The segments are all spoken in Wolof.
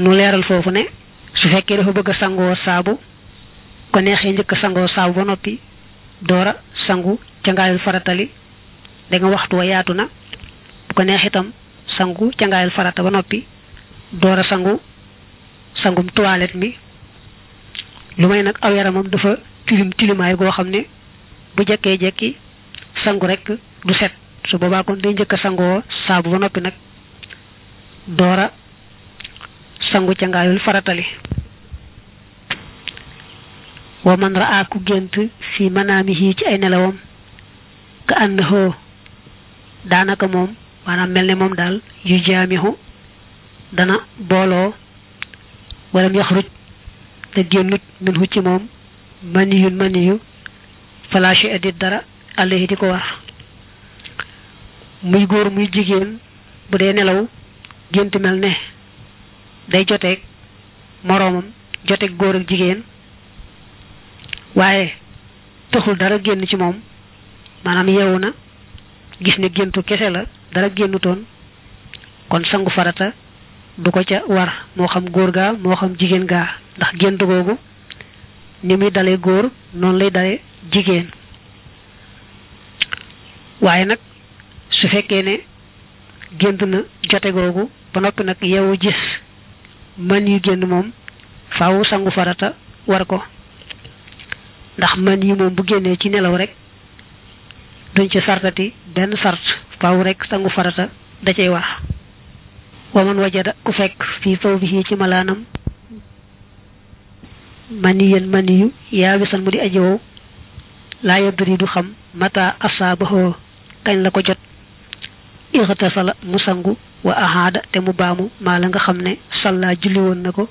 nu leeral foofu ne su fekkee dafa bëgg a sangoo saabu ko neexee njëkk sangoo saabu ba noppi doora sangu cangaayul faratali da nga waxtu wa yaatu na bu ko neex itam sangu cangaayul farata ba noppi doora sangu sangum toilette mi lu may nag aw yaramam dafa tilim tilimaay goo xam ne bu jekkee jekki sangu rek du set su boobaa kon day njëkk a sangoo saabu ba noppi nag doora sangu ca ngaayul faratali wa man raa ku gént fi manaamihi ci ay nelawam ka annahu daanaka moom maanaam mel ne moom daal yu jaamihu dana booloo walam yaxruj te génnut minhu ci moom maniyun maniyu fala shay'a di dara alayhi di ko wax muy góor muy jigéen bu dee nelaw gént mel ne day joteeg moroomam joteeg góor ak jigéen waaye taxul dara génn ci moom maanaam yeewu na gis ne géntu kese la dara génnutoon kon sangu farata du ko ca war moo xam góor gaa moo xam jigéen gaa ndax gént googu ni muy dalee góor noonu lay dalee jigéen waaye nag su fekkee ne gént na jote googu ba noppi nag yeewu gis man yi génn moom faw sangu farata war ko ndax man yi moom bu génnee ci nelaw rekk duñ ci sartati benn sart faw rekk sangu farata da cay wax wa man wajada ku fekk fii faw bi ci malaanam man yi yéen man yu yaa wisan mu di ajowow laa yoddur yi du xam mata asaabahoo kañ la ko jot ixtasala mu sangu wa ahaada te mu baamu maa la nga xam ne salla julli woon na ko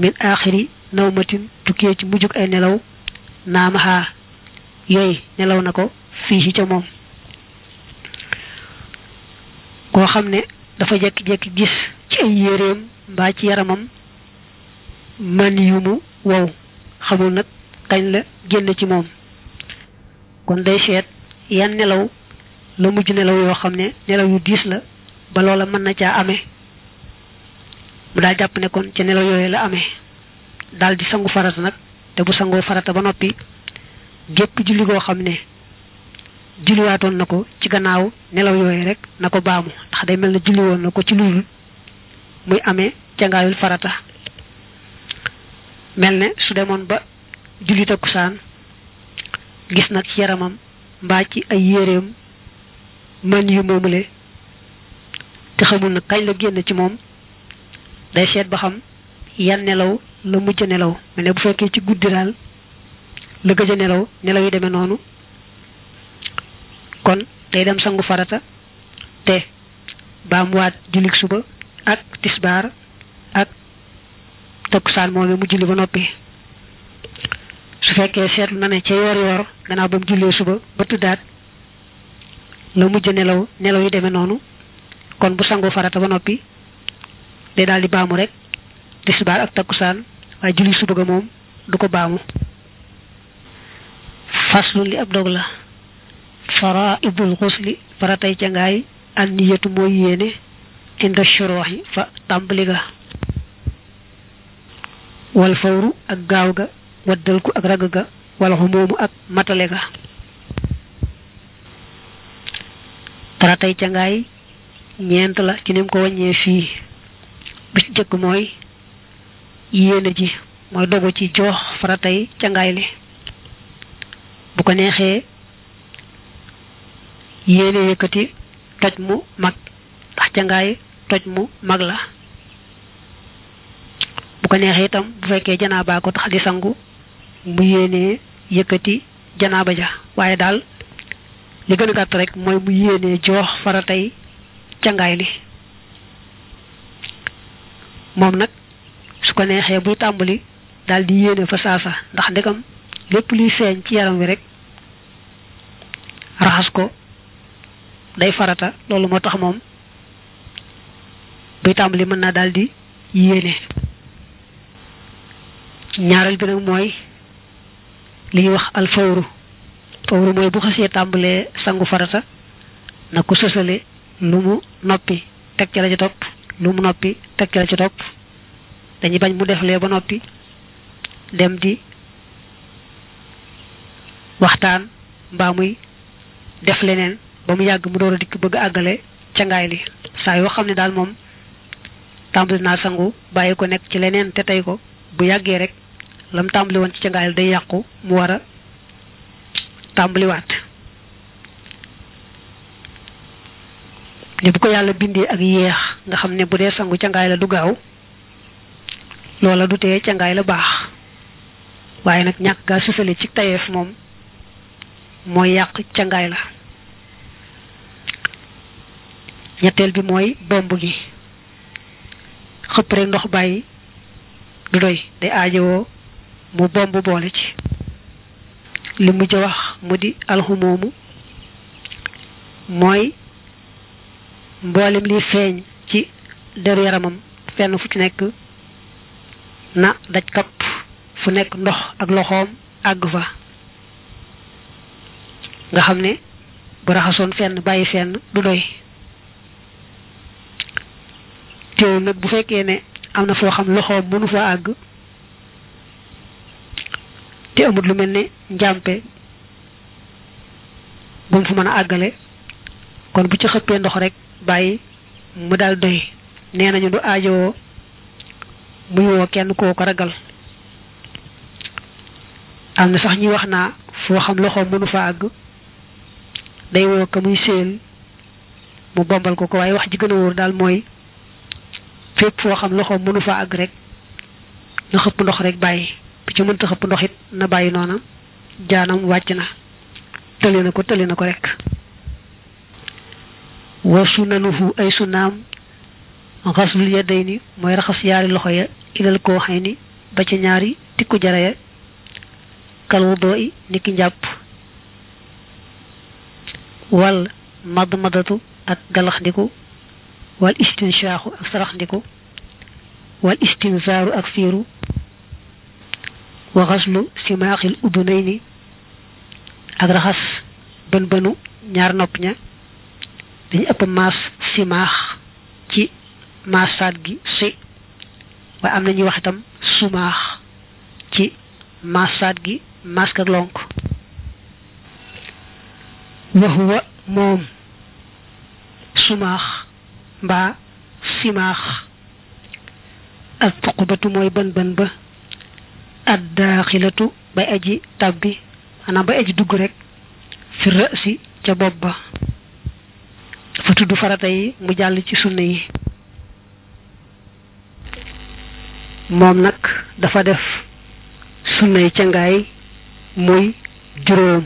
min aaxiri nawmatin tukkee ci mujjug ay nelaw naamahaa yooyu nelaw na ko fii ci ca moom koo xam ne dafa jekki-jekki gis ci ay yéreem mbaa ci yaramam man yu mu wow xamul nag kañ la génn ci moom kon day seet yan nelaw la mujj nelaw yoo xam ne nelaw yu diis la ba loola mën na caa ame mu daal jàpp nekkoon kon ca nelaw yooyu la ame daldi di sangu farata nag te bu sangoo farata ba noppi gépp julli goo xam ne julliwaatoon na ko ci gannaaw nelaw yooyu rek na ko baamu ndax day mel ne julli woon na ko ci loolu muy amee cangaayul farata mel ne su demoon ba julli takkusaan gis nag yaramam mbaa ci ay yéreem man yu moomule te xamul na kañ la génn ci moom day seet ba xam yan nelaw la mujj nelaw mel bu fekkee ci guddi daal la gëj nelaw nelaw yi deme noonu kon day dem sangu farata te waat jullik suba ak tisbaar ak takkusaan moom mu julli ba noppi su fekkee seetlu na ne ca yoor yoor gannaaw ba mu jullee suba ba tuddaat la mujj nelaw nelaw yi demee noonu kon bu sangoo farata ba noppi day daal di baamu rek tisbaar ak takkusaan waaye julli suba ga moom du ko baamu faslun li ab dog la faraidul xusli faratay ca ngaay an niyatu mooy yéene inda fa tàmbali ga wal fawru ak gaaw ga waddal ku ak ragg ga wala xumoomu ak matale ga faratay cangaay ñeent la ci nim ko wàññee fii bi jëkk mooy yéene ji mooy dogu ci joox faratay cangaay li bu ko neexee yéene yëkkati toj mu mag ndax cangaay toj mu mag la bu ko neexee itam bu fekkee janaabaa ko tax di sangu mu yéene yëkkati janaaba ja waaye daal li gën a gàtt rek mooy mu yéenee joox faratay cangaay li moom nag su ko neexee buy tàmbali daal di yéene fa saasa ndax ndegam lépp luy feeñ ci yaram wi rek raxas ko day farata loolu moo tax moom buy tàmbali mën naa daal di yéene ñaareel bi nag mooy li wax alfawru fawru mooy bu xasee tàmbalee sangu farata na ko sësale lu mu noppi teg ca la ca topp lu noppi teg ca la ca dañuy bañ mu deflee ba noppi dem di waxtaan mbaa muy def leneen ba mu yàgg mu door a dikk bëgg àggale cangaay li saa yoo xam ne daal moom tàmbali naa sangu bàyyi ko nekk ci leneen te tey ko bu yàggee rek lam tàmbali woon ci cangaay day yàqu mu war a tàmbaliwaat ne bu ko yàlla bindee ak yéex nga xam ne bu dee sangu cangaay la du gaaw loola du tee cangaay la baax waaye nag ñàkk gaa sufale ci tayeef moom mooy yàq cangaay la ñetteel bi mooy bomb gi xëpp rek ndox bàyyi du doy day aajowoo mu bomb boole ci li mujj wax mu di moomu mooy mboolem li feeñ ci deru yaramam fenn fu ci nekk na daj kapp fu nekk ndox ak loxoom àgg fa nga xam ne bu raxasoon fenn bàyyi fenn du doy teewul nag bu fekkee ne am na foo xam loxoom mënu fa àgg te amut lu mel ne njàmpe bul fi mën a àggale kon bu ci xëppee ndox rek bàyyi mu daal doy nee nañu du aajowoo muy woo kenn koo ko ragal am na sax ñuy wax naa foo xam loxo mënu fa àgg day woo ka muy séel mu bombal ko ko waaye wax ji gën a wóor daal mooy fépp foo xam loxo mënu fa àgg rek na xëpp ndox rek bàyyi bu ci mënta xëpp ndoxit na bàyyi noona jaanam wàcc na tële na ko tële na ko rek wa sunanuhu ay sunaam xasul yadayni mooy raxas yaari loxo ya ilal koo xëy ni ba ci ñaari tikku jara ya kalwu doo i niki njàpp wal mad madatu ak galax ndiku wal istinshaaxu ak sarax ndiku wal istinzaaru ak fiiru wa xaslu simaaxil udunayni ak raxas bën bënu ñaar nopp ña dañ ëpp maas simaax ci maasaat gi si waaye am na ñuy wax itam sumaax ci maasaat gi mask ak lonk waxuwa moom sumaax mbaa simaax ak tuqubatu mooy bën bën ba ad daaxilatu bay aji tabbi xanaa ba aji dugg rekk fi rësi ca bopp ba fa tudd farata yi mu jàll ci sunna yi moom nag dafa def sunna yi ca ngaay muy juróom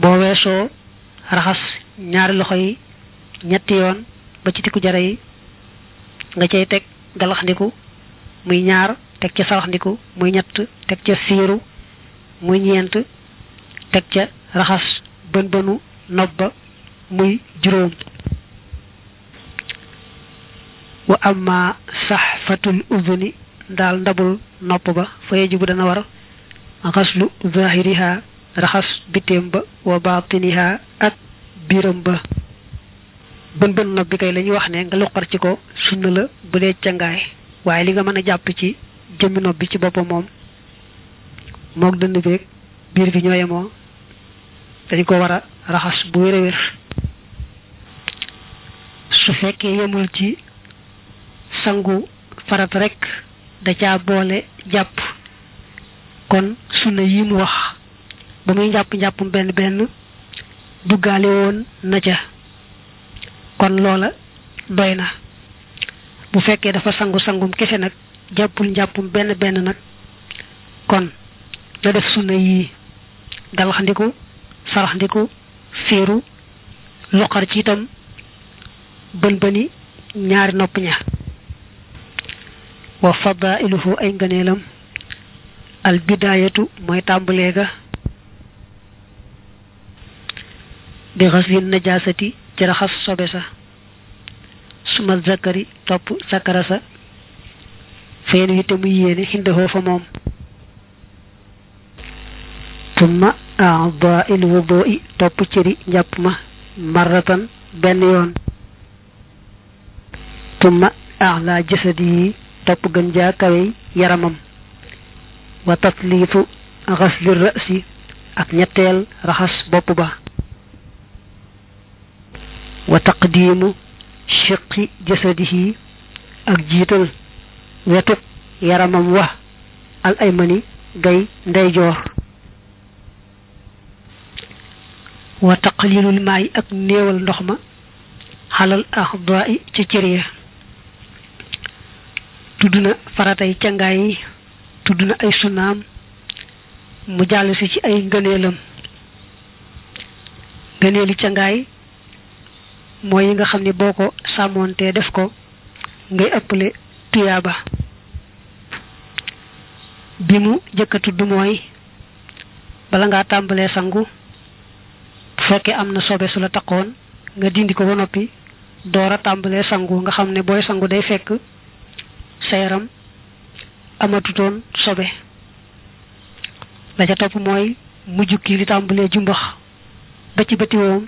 boo weesoo raxas ñaari loxo yi ñetti yoon ba ci tikku jara yi nga cay teg galaxndiku muy ñaar teg ca salaxndiku muy ñett teg ca siiru muy ñeent teg ca raxas bën bënu nob ba muy juróom wa ma sax fatul uduni daal ndabul nopp ba fa yajibu dana war lu zahiriha raxas bitéem ba wa batiniha ak biiram ba bën bën nag bi lañuy wax ne nga luqar ci ko sunna la bu dee cangaay waaye li nga mën a jàpp ci jëmmi nopp bi ci boppam moom moog dënd biir bi ñoo yemoo dañ ko war a raxas bu wér wér su fekkee yemul ci sangu farat rek da caa boole jàpp kon sunna yi mu wax ba muy njàpp njàppum benn benn duggaale na ca kon loola doy na bu fekkee dafa sangu sangum kese nag jàppul njàppum benn benn nag kon na def sunna yii galaxndiku saraxndiku fiiru luqar ci itam bën bëni ñaari nopp ña wa fadailuhu ay ngëneelam al mooy tàmbalee ga bi xaslin najaasati ci raxas sobe sa suma zakari topp zakara sa feen wi te muy fa moom tumma a'da il wudu'i topp cëri njàpp ma marratan benn yoon tumma a'la jasadi yi topp gën kawey yaramam wa tatliifu xasli ra'si ak ñetteel raxas bopp ba wa taqdiimu shiqi jasadihi ak jiital wetug yaramam wa al aymani gay ndeyjoor wa taqlilul maay ak néewal ndox ma xalal axdaai ca cër ya tudd na faratay cangaay yi tudd na ay sunaam mu jàll si ci ay ngëneelam ngëneeli cangaay mooy yi nga xam ne boo ko tee def ko ngay ëppale tuyaaba bi mu jëkk a mooy bala ngaa tàmbalee sangu bu fekkee am na sobe su la taqoon nga dindi ko ba noppi doora a tàmbalee sangu nga xam ne booy sangu day fekk sa yaram amatutoon sobe la ca topp mooy mujj ki li tàmbalee jumbax ba ci bëti woom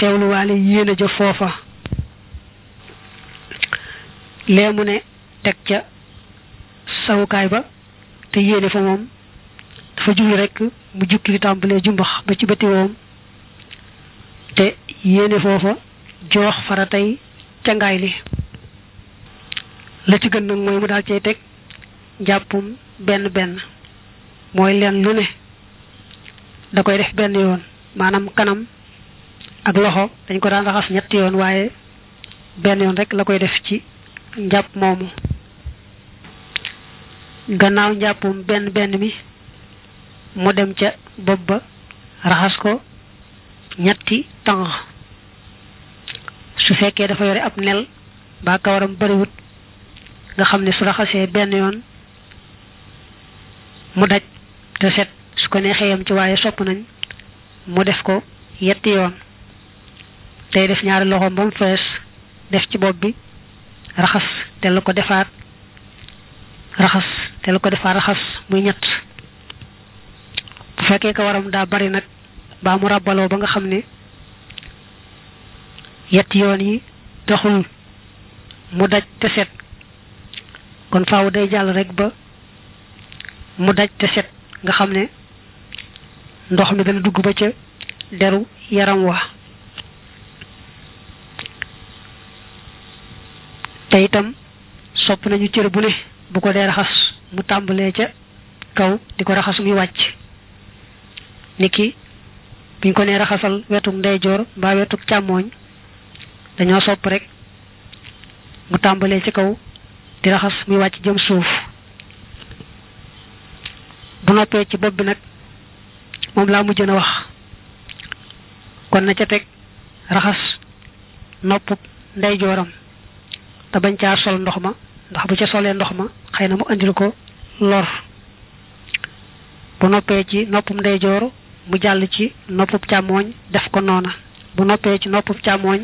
teewluwaale yéene ja foofa lee mu ne teg ca sawukaay ba te yéene fa moom dafa jublu rek mu jukki li jumbax ba ci bëti woom te yéene foofa joox faratay cangaay li la ci gën nag mooy mu daal cay teg jàppum benn benn mooy leen lu ne da koy def benn yoon maanaam kanam ak loxo dañ ko daan raxas ñetti yoon waaye benn yoon rek la koy def ci njàpp moomu gannaaw njàppum benn benn mi mu dem ca bopp ba raxas ko ñetti tàng su fekkee dafa yore ab nel ba kawaram bariwut nga xam ne su raxasee benn yoon mu daj te set su ko neexee ci waaye sopp nañ mu def ko yetti yoon tey def ñaari loxoom ba mu fees def ci bopp bi raxas teel ko defar raxas teel ko defaat raxas muy ñett bu fekkee ko waram daa bari nag baa mu ràbbaloo ba nga xam ni yetti yoon yi doxul mu daj te set kon faaw day jàll rekk ba mu daj te set nga xam ne ndox mi dana dugg ba ca deru yaram wa te itam sopp nañu cër bu ne bu ko dee raxas mu tàmbalee ca kaw di ko raxas muy wàcc niki buñ ko nee raxasal wetuk ndeyjoor mbaa wetuk càmmooñ dañoo sopp rek mu tàmbalee ci kaw di raxas muy wàcc jëm suuf bu noppee ci bopp bi nag moom laa mujj na wax kon na ca teg raxas nopp ndeyjooram te bañ caa sol ndox ma ndax bu ca solee ndox ma xëy na mu andil ko lor bu noppee ci noppum ndeyjoor mu jàll ci noppub càmmoñ def ko noona bu noppee ci noppub càmmooñ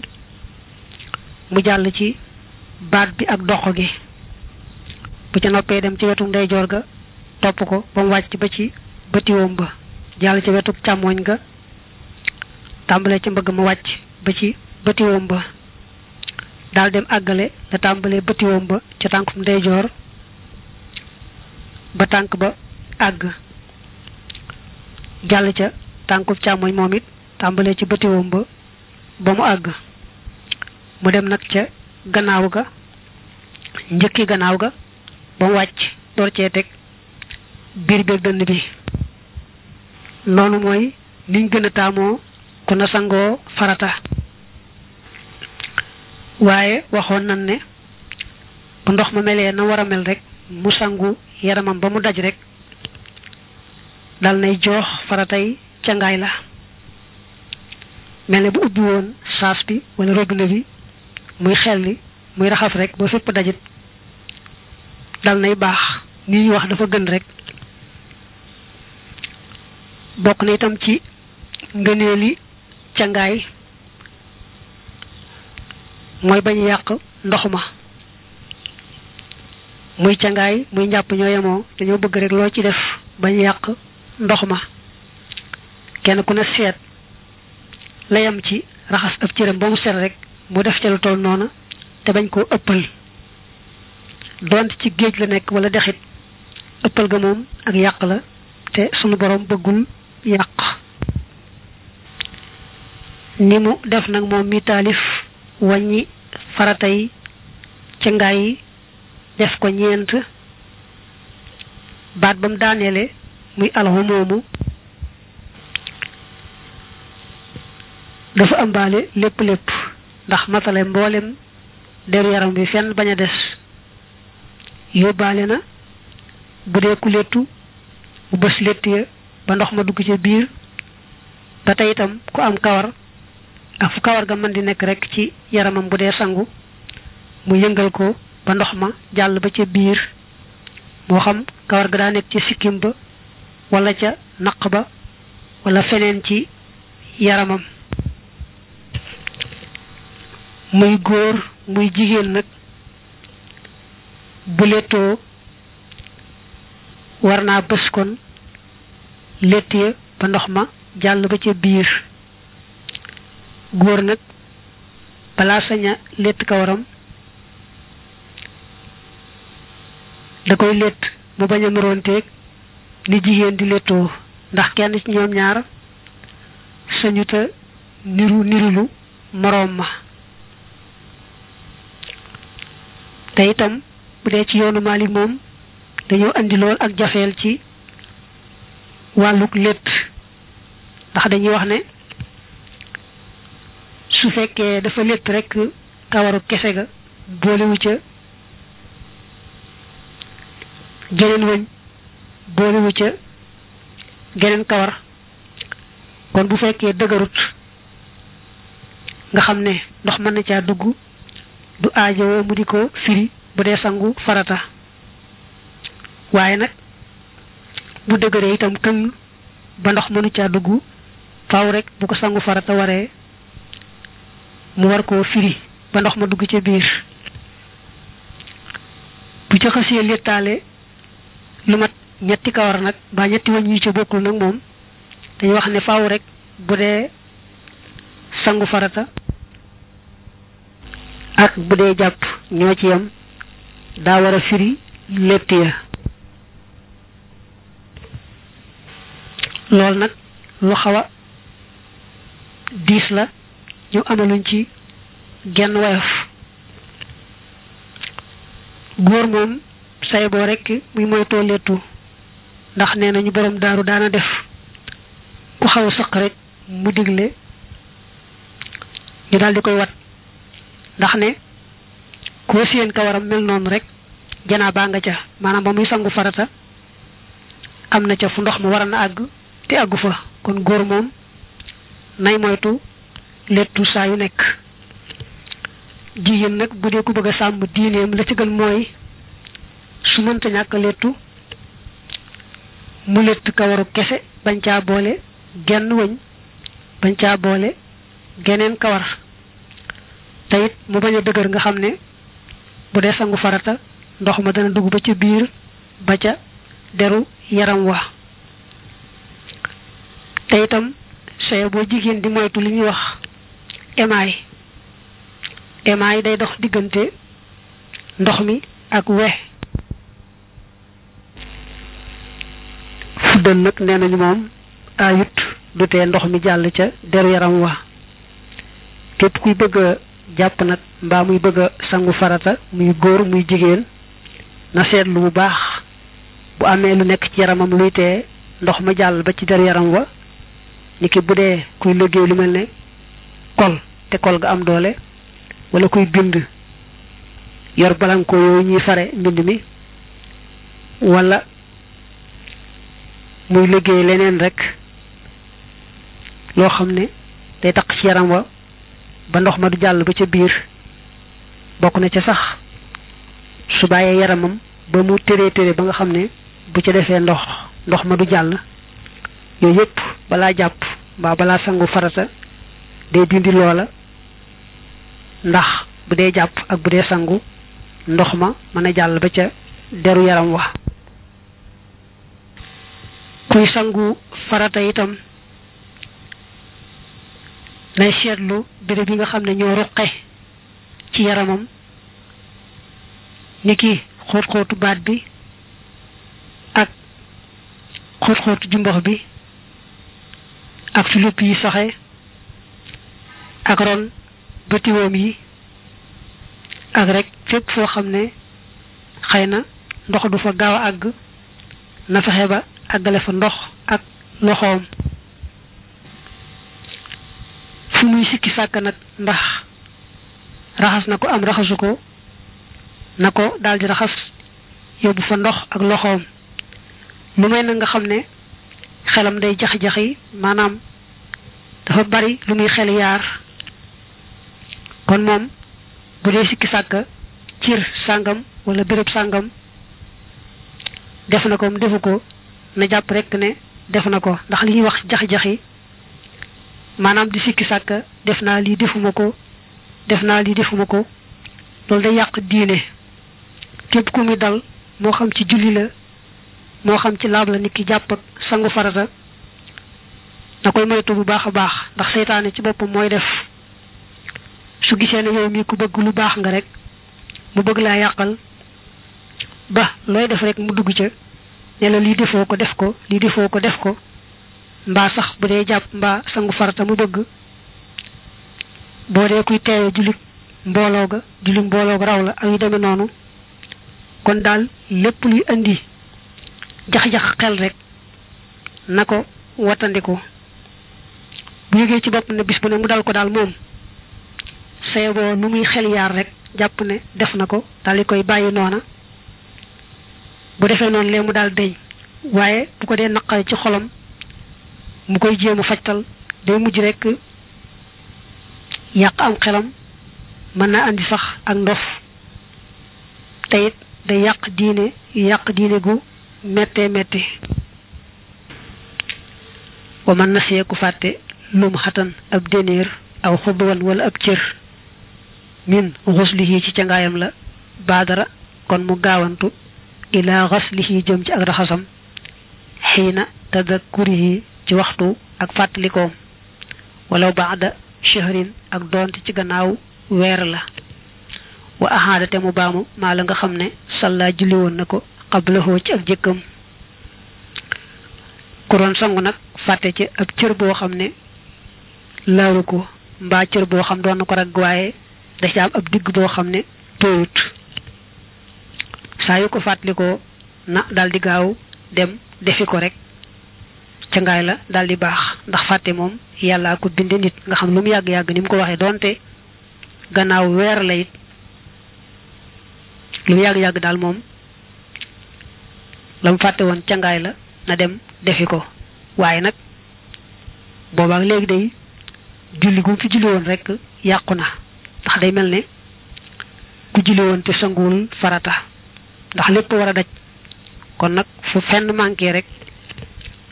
mu jàll ci baat bi ak doq gi bu ca noppee dem ci wetu ndeyjoor ga topp ko ba mu wàcc ba ci bëtiwoom ba jàll ci wetu càmmooñ ga tàmbalee ca mbëgg mu wàcc ba ci bëtiwoom ba daal dem àggale la tàmbalee bëti wom ca tànkum ndeyjoor ba tànk ba àgg jàll ca tànkub càmmoñ moom it tàmbalee ci bëti wom ba mu àgg mu dem nag ca gannaaw ga njëkki gannaaw ga ba mu wàcc door cee teg biir beeg dënn bi noonu mooy niñ gën a taamoo ku na sangoo farata waaye waxoon nan ne bu ndox ma melee na war a mel rek mu sangu yaramam ba mu daj rek dal nay joox faratay cangaay la mel ne bu ubbi woon saas bi wala robinet bi muy xelli muy raxas rek ba fépp dajit dal nay baax ni ñuy wax dafa gën rek bokk na itam ci ngëneeli cangaay mooy bañ yàq ndox ma muy cangaay muy jàpp ñoo yemoo dañoo bëgg rek loo ci def bañ yàq ndox ma kenn ku ne seet la yem ci raxas ab cëram ba mu set rek mu def ca lu toll noonu te bañ koo ëppal donte ci géej la nekk wala dexit ëppal ga moom ak yàq la te sunu borom bëggul yàq ni mu def nag moom mi taalif waññi faratay ci ngaay yi def ko ñeent baat ba mu daaneele muy alxumoomu dafa ambaale lépp lépp ndax matale mboolem deru yaram bi fenn bañ a des yóbbaale na bu dee ku léttu bu bës létt ya ba ndox ma dugg ca biir ba tey itam ku am kawar ak fu kawar ga mën di nekk rekk ci yaramam bu dee sangu mu yëngal ko ba ndox ma jàll ba ca biir moo xam kawar ga daa nekk ci sikkim ba wala ca naq ba walla feneen ci yaramam muy góor muy jigéen nag bu lettoo war naa bës kon létt ya ba ndox ma jàll ba ca biir góor nag balaa saña létt kawaram da koy létt mu bañ a ni jigéen di léttoo ndax kenn ci ñoom ñaar sañuta niru nirulu moroom ma te itam bu dee ci yoonu Maalik moom dañoo indi lool ak jafeel ci wàlluk létt ndax dañuy wax ne su fekkee dafa létt rek kawaru kese ga boolewu ca geneen wëñ ca geneen kawar kon bu fekkee dëgërut nga xam ne ndox mën na caa dugg du aajowoo mu di ko firi bu dee sangu farata waaye nag bu dëgëree itam këng ba ndox mënu caa dugg faw rek bu ko sangu farata waree mu war koo firi ba ndox ma dugg ca biir bu ca xasee littaale lu mat ñetti kawar nag ba ñetti wañ yi ca bokkul nag moom dañuy wax ne faaw rek bu dee sangu farata ak bu dee jàpp ñoo ci yam daa war a firi létt ya loolu nag lu xaw a diis la ñu analuñ ci genn woyof góor moom say boo rek muy moytoo lettu ndax nee nañu borom daaru daana def ku xaw saq rek mu digle ñu daal di koy wat ndax ne koo seen kawaram mel noonu rek janaa baa nga ca maanaam ba muy sangu farata am na ca fu ndox ma waral a na àgg te àggu fa kon góor moom nay moytu lettu saa yu nekk jigéen nag bu dee ko bëgg a sàmm diineem la ci gën mooy su mënta ñàkk lettu mu lett kawaru kese bañ caa boole genn wëñ bañ ca boole geneen kawar te it mu bañ a dëgër nga xam ne bu dee sangu farata ndox ma dana dugg ba ca biir ba ca deru yaram wa te itam saye boo jigéen di moytu li ñuy wax émaay émaay day dox diggante ndox mi ak we fuddal nag nee nañu moom ayut du ndox mi jàll ca deru yaram wa képp kuy bëgg jàpp nag mbaa muy bëgg a sangu farata muy góor muy jigéen na seetlu bu baax bu amee lu nekk ci yaramam luy te ndox ma jàll ba ci deru yaram wa niki bu dee kuy liggéey lu mel ne kol te kol ga am doole walla kuy bind yor balankoo yooyu ñuy fare mbind mi wala muy liggéey leneen rek loo xam ne day taq ci yaram wa ba ndox ma du jàll ba ca biir bokk na ca sax su bàyyee yaramam ba mu téree téré ba nga xam ne bu ca defee ndox ndox ma du jàll yooyu yëpp balaa jàpp mbaa balaa sangu farata day dindi loola ndax bu dee jàpp ak bu dee sangu ndox ma mën a jàll ba ca deru yaram wa kuy sangu farata itam nay seetlu béréb yi nga xam ne ñoo ruqe ci yaramam ni ki xóot-xóotu baat bi ak xóot-xóotu jumbox bi ak fi yi soxe ak ron bëtiwoom yi ak rek fépp foo xam ne xëy na ndox du fa gaaw a àgg na fexe ba àggale fa ndox ak loxoom fu muy sikki sàkk nag ndax raxas na ko am raxasu ko na ko daal di raxas yóbbu fa ndox ak loxoom lu may na nga xam ne xelam day jax-jaxi maanaam dafa bari lu muy xel yaar kon moom bu dee sikki sàkk cir sàngam wala béréb sàngam def na ko mu defu ko na jàpp rek ne def na ko ndax li ñuy wax jax-jaxi maanaam di sikki sàkk def naa lii defuma ko def naa lii defuma ko loolu day yàq diine képp ku muy dal moo xam ci julli la moo xam ci laab la nit ki jàpp ak sangu farata na koy moytu bu baax a baax ndax seytaane ci boppam mooy def su gisee ne yow mi ku bëgg lu baax nga rek mu bëgg laa yàqal ba looy def rek mu dugg ca ne lii defoo ko def ko lii defoo ko def ko mbaa sax bu dee jàpp mbaa sangu farata mu bëgg boo dee kuy teewe jullit mbooloo ga jullit mbooloo ga raw la ak yu demee noonu kon daal lépp luy indi jax-jax xel rek na ko wattandiku bu yëgee ci bopp ne bis bu ne mu dal ko daal moom sayoboo nu muy xel yaar rekk jàpp ne def na ko daal di koy bàyyi noona bu defee noonu lee mu daal deñ waaye bu ko dee naqar ci xolam mu koy jéem a fajtal day mujj rekk yàq am xelam mën na andi sax ak ndof te it day yàq diine yàq diine gu méttee métti wa mën na seeku fàtte lum xatan ab déniir aw xubwan wala ab cër min xuslihi ci cangaayam la baadara kon mu gaawantu ila xaslihi jëm ci ak raxasam xiina tadakkurihi ci waxtu ak fàttalikoom walaw baada shahrin ak doonte ci gannaaw weer la wa ahaadate mu baamu maa la nga xam ne salla julli woon na ko xablahoo ci ak jëkkam kuroon doon sangu nag fàtte ci ab cër boo xam ne laaru ko mbaa cër boo xam doon na ko ragg waaye da ci am ab digg boo xam ne tooyut saa yu ko fàttalikoo na daal di gaaw dem defi ko rekk ca ngaay la daal di baax ndax fàtte moom yàlla ko binde nit nga xam lu mu yàgg-yàgg ni ko waxee doonte gannaaw weer la it yàgg-yàgg daal moom la mu fàtte woon ca ngaay la na dem defi ko waaye nag boobaak léegi day julli gu mu fi julli woon rek yàqu na wax day mel ne ku julli woon te sanguwul farata ndax lépp war a daj kon nag fu fenn manqué rek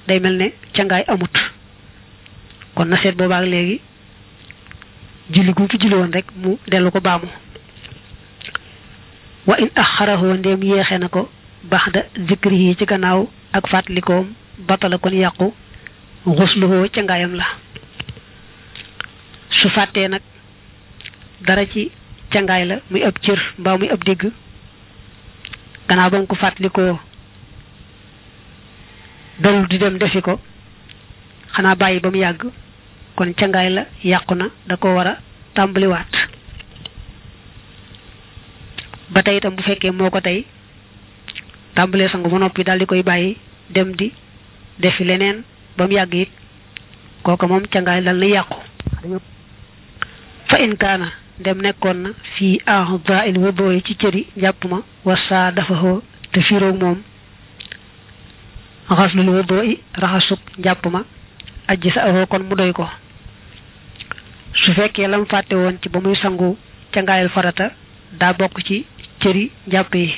day mel ne cangaay amut kon na seet boobaak léegi julli gu fi julli woon rek mu dellu ko baamu wa in axarahu ndéem yéexee na ko baxda zikri yi ci gannaaw ak fàttalikoom batala kon yàqu xusluhoo cangaayam la su fàttee nag dara ci cangaay la muy ab cër mbaa muy ab digg gannaaw ba nga ko fàttalikoo dellu di dem defi ko xanaa bàyyi ba mu yàgg kon cangaay la yàqu na da ko war a tàmbaliwaat ba tey itam bu fekkee moo ko tey tàmbalee sangu ba noppi daal di koy bàyyi dem di defi leneen ba mu yàgg it kooka moom cangaay dal na yàqu fa in dem nekkoon na fii a'dha il wudu ci cëri njàpp ma wasaa dafa xoo te firoog moom xaslul wudu raxasug njàpp ma ajji sa awoo kon mu doy ko su fekkee lam fàtte woon ci ba muy sangu ca ngaayal farata daa bokk ci cëri njàpp yi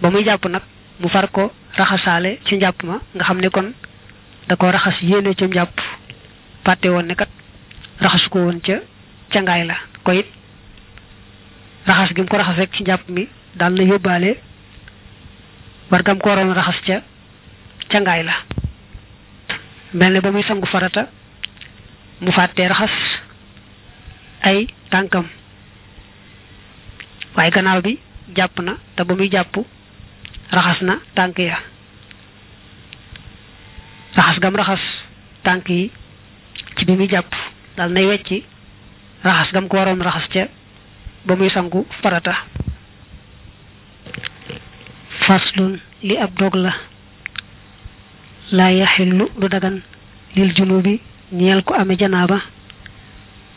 ba muy jàpp nag mu far ko raxasaale ci njàpp ma nga xam ne kon da ko raxas yéene ca njàpp fàtte woon ne kat raxasu ko woon ca cangaay la ko raxas gi mu ko raxas rekk ci njàpp mi dal na yóbbaale war gam ko waroon raxas ca cangaay la mel ni ba muy sangu farata mu fàttee raxas ay tànkam waaye gannaaw bi jàpp na te ba muy jàpp raxas na tànk ya raxas gam raxas tànk yi ci bi muy jàpp dal nay wecci raxas gam ko waroon raxas ca ba muy sangu farata faslun li ab dog la laa yaxillu du dagan lil junubi ñeel ko amee janaaba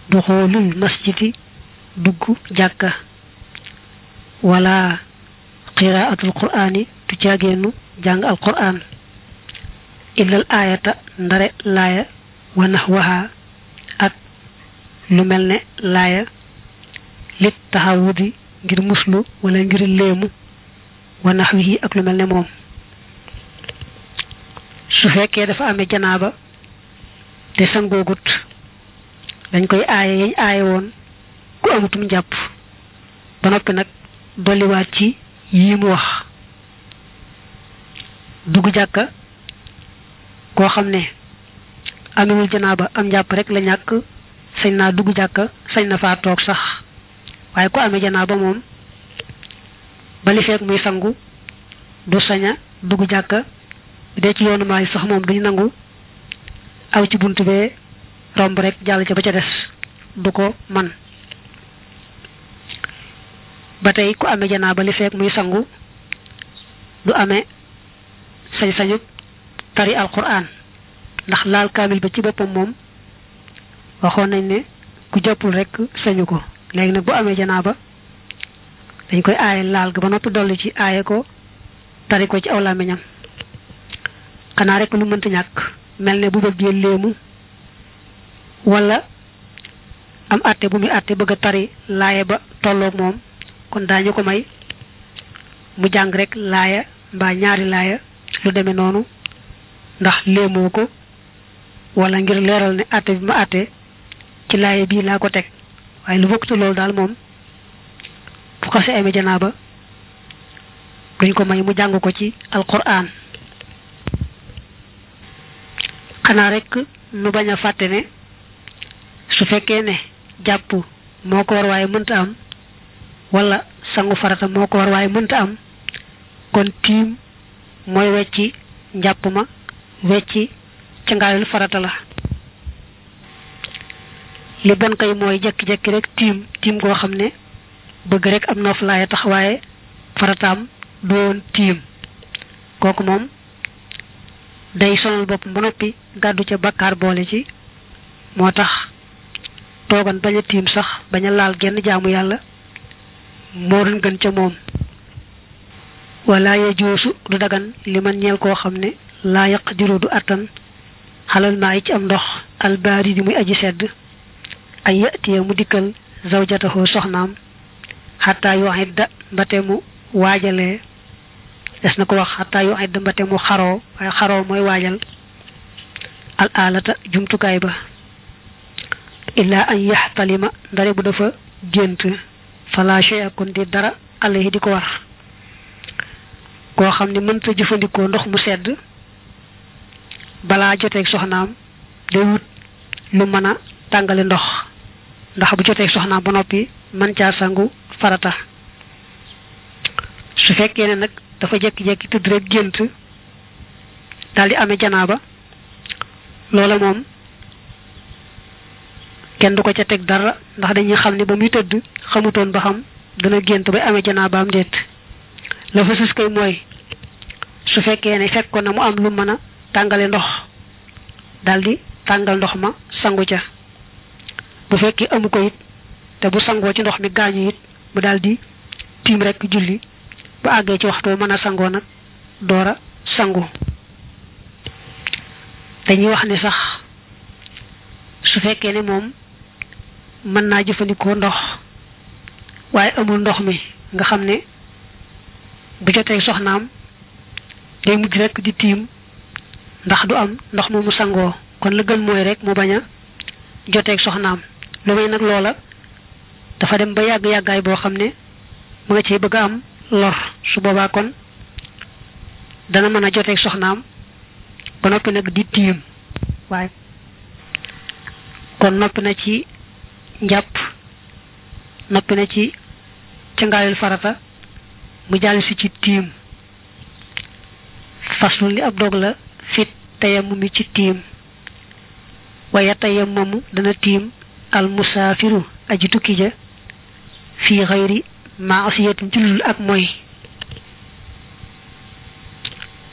duxoolul masjidi dugg jàkka wala qiraatul quraani du jaageenu jàng al quraan illal aayata ndare laaya wa naxwaha lu mel ne laaya lit taxawudi ngir muslu wala ngir léemu wa naxwihi ak lu mel ne moom su fekkee dafa amee janaaba te sangoogut dañ koy aaye yañ aaye woon ku amutum njàpp ba noppi nag dolliwaat ci yi mu wax dugg jàkka koo xam ne amewul janaaba am njàpp rek la ñàkk sañ naa dugg jàkk sañ na faa toog sax waaye ku amee janaaba moom bali feeg muy sangu du sañ a dugg jàkka dee ci yoonu maay sax moom duñ nangu aw ci bunt bee romb rek jàll ca ba ca des du ko man ba tey ku amee janaa li muy sangu du amee sañ-sañu tari alquran ndax laal kaamil ba ci boppam moom waxoon nañ ne ku joppul rek sañu ko léegi nag bu amee janaa ba dañ koy aaye laal ga ba noppi dolli ci aaye ko tari ko ci aw làmmiñam xanaa rek lu mënta ñàkk mel ne bu bëggee léemu wala am àtte bu muy àtte bëgg a tari laaye ba tolloog moom kon daañu ko may mu jàng rek laaya mbaa ñaari laaya lu demee noonu ndax léemoo ko wala ngir leeral ne àtte bi ma àtte ci laay bii laa ko teg waaye lu bokkute loolu daal moom bu xase amee janaaba duñ ko may mu jàng ko ci alquran xanaa rekk nu bañ a fàtte ne su fekkee ne jàpp moo ko war mënta am wala sangu farata moo ko waaye mënta am kon tiim mooy wecci njàpp ma wecci cangaalul farata la lu gën kay mooy jekki-jekki rek tiim tiim goo xam ne bëgg rek am noflaay tax waaye farataam doon tiim kooku moom day sonal boppam ba noppi gàddu ca bakkaar boole ci moo tax toogan bañ a tiim sax bañ a laal genn jaamu yàlla moo doon gën ca moom wala yajuusu du dagan li man ñeel koo xam ne laa yaqdiru du attan xalal ma yi ci am ndox albaari di muy aji sedd ay yatiya mu dikkal zawjatahu soxnaam xataa yu idda mbate mu waajalee des na ko wax xataa yu idda mbate mu xaroo waaye xaroo mooy waajal al alata jumtukaay ba illaa an yaxtalima ndare bu dafa gént fala shay'a kon di dara alayhi di ko war koo xam ne mënta jëfandikoo ndox mu sedd balaa joteeg soxnaam day wut lu mën a tàngale ndox ndax bu jotee soxnaam ba noppi mën caa sangu farata su fekkee ne nag dafa jekki-jekki tëdd rek gént daal di amee janaaba loola moom kenn du ko ca teg dara ndax dañuy xam ne ba muy tëdd xamutoon ba xam dana gént bay amee janaabaam déet la fa sus koy mooy su fekkee ne fekkoon na mu am lu mën a tàngale ndox daal di tàngal ndox ma sangu ca bu fekkee amu ko it te bu sangoo ci ndox mi gaañu it mu daal di tiim rek julli bu àggee ci waxtu mën a sangoo nag doora a sangu dañuy wax ne sax su fekkee ne moom mën naa jëfandikoo ndox waaye amul ndox mi nga xam ne bu jotee soxnaam day mujj rek di tiim ndax du am ndox moomu sangoo kon la gën mooy rek mu bañ a joteeg soxnaam lu may nag loola dafa dem ba yàgg yàggaay boo xam ne mu nga ciy bëgg a am lor su boobaa kon dana mën a joteeg soxnaam ba noppi nag di tiim waaye kon noppi na ci njàpp noppi na ci cangaayul farata mu jàll si ci tiim faslu li ab dog la fit mu yi ci tiim waaye tayamamu dana tiim al musaafiru aji tukki ja fii xayri maasiyatin ci ludul ak moy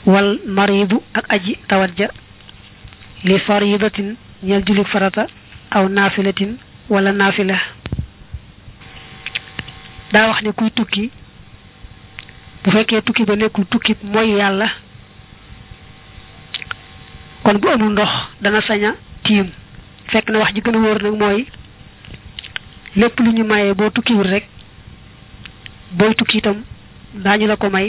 wal maridu ak aji tawat ja li faridatin ñeel jullit farata aw naafilatin wala naafila daa wax ne kuy tukki bu fekkee tukki ba nekkul tukki mooy yàlla kon bu amul ndox dana saña tiim fekk na wax ji gën a wóor nag mooy lépp lu ñu mayee boo tukkiwul rek booy tukki itam daañu la ko may